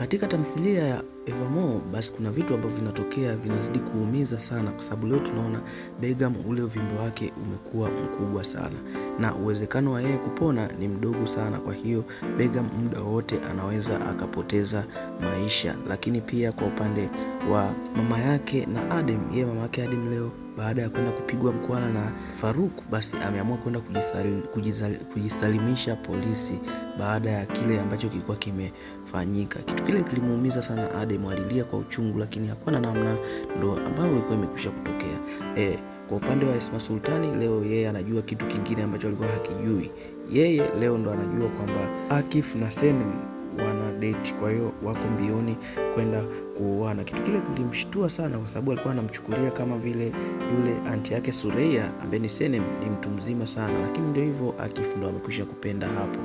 Katika tamthilia ya Evermore basi kuna vitu ambavyo vinatokea vinazidi kuumiza sana, kwa sababu leo tunaona Begam ule uvimbe wake umekuwa mkubwa sana na uwezekano wa yeye kupona ni mdogo sana. Kwa hiyo Begam muda wote anaweza akapoteza maisha, lakini pia kwa upande wa mama yake na Adem, yeye mama yake Adem leo baada ya kwenda kupigwa mkwala na Faruk, basi ameamua kwenda kujisalimisha polisi baada ya kile ambacho kilikuwa kimefanyika. Kitu kile kilimuumiza sana Adam, alilia kwa uchungu, lakini hakuwa na namna, ndo ambayo ilikuwa imekwisha kutokea e. Kwa upande wa Esma Sultani leo yeye anajua kitu kingine ambacho alikuwa hakijui. Yeye leo ndo anajua kwamba Akif na Senem wana date, kwa hiyo wako mbioni kwenda kuoana. Kitu kile kilimshtua sana, kwa sababu alikuwa anamchukulia kama vile yule anti yake Sureia ambaye ni Senem ni mtu mzima sana, lakini ndio hivyo, Akif ndo amekwisha kupenda hapo.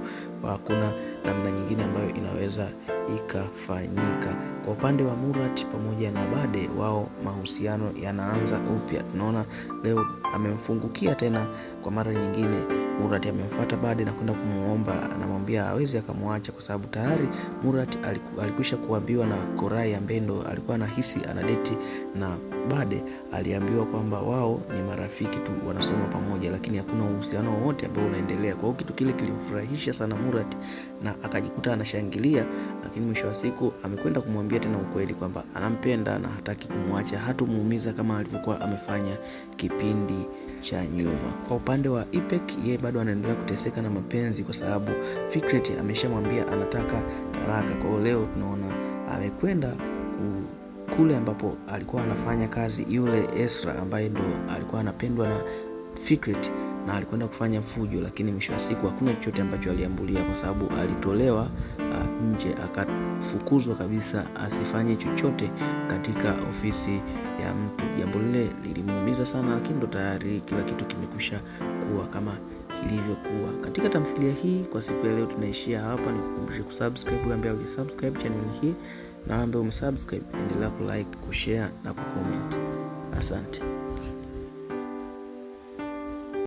Hakuna namna nyingine ambayo inaweza ikafanyika. Kwa upande wa Murat pamoja na Bade, wao mahusiano yanaanza upya. Tunaona leo amemfungukia tena kwa mara nyingine. Murat amemfuata Bade na kwenda kumwomba akamwambia hawezi akamwacha kwa sababu tayari Murat alikwisha kuambiwa na Korai ya Mbendo, alikuwa anahisi anadeti na Bade. Aliambiwa kwamba wao ni marafiki tu, wanasoma pamoja, lakini hakuna uhusiano wowote ambao unaendelea. Kwa hiyo kitu kile kilimfurahisha sana Murat na akajikuta anashangilia, lakini mwisho wa siku amekwenda kumwambia tena ukweli kwamba anampenda na hataki kumwacha, hatumuumiza kama alivyokuwa amefanya kipindi cha nyuma. Kwa upande wa Ipek, yeye bado anaendelea kuteseka na mapenzi, kwa sababu Fikret ameshamwambia anataka talaka. Kwa leo tunaona amekwenda kule ambapo alikuwa anafanya kazi yule Esra ambaye ndo alikuwa anapendwa na Fikret na alikwenda kufanya fujo, lakini mwisho wa siku hakuna chochote ambacho aliambulia, kwa sababu alitolewa nje, akafukuzwa kabisa asifanye chochote katika ofisi ya mtu. Jambo lile lilimuumiza sana, lakini ndo tayari kila kitu kimekusha kuwa kama ilivyokuwa katika tamthilia hii. Kwa siku ya leo tunaishia hapa, nikukumbushe kusubscribe ambaye hujasubscribe channel hii na ambaye umesubscribe, endelea kulike, kushare na kucomment. Asante.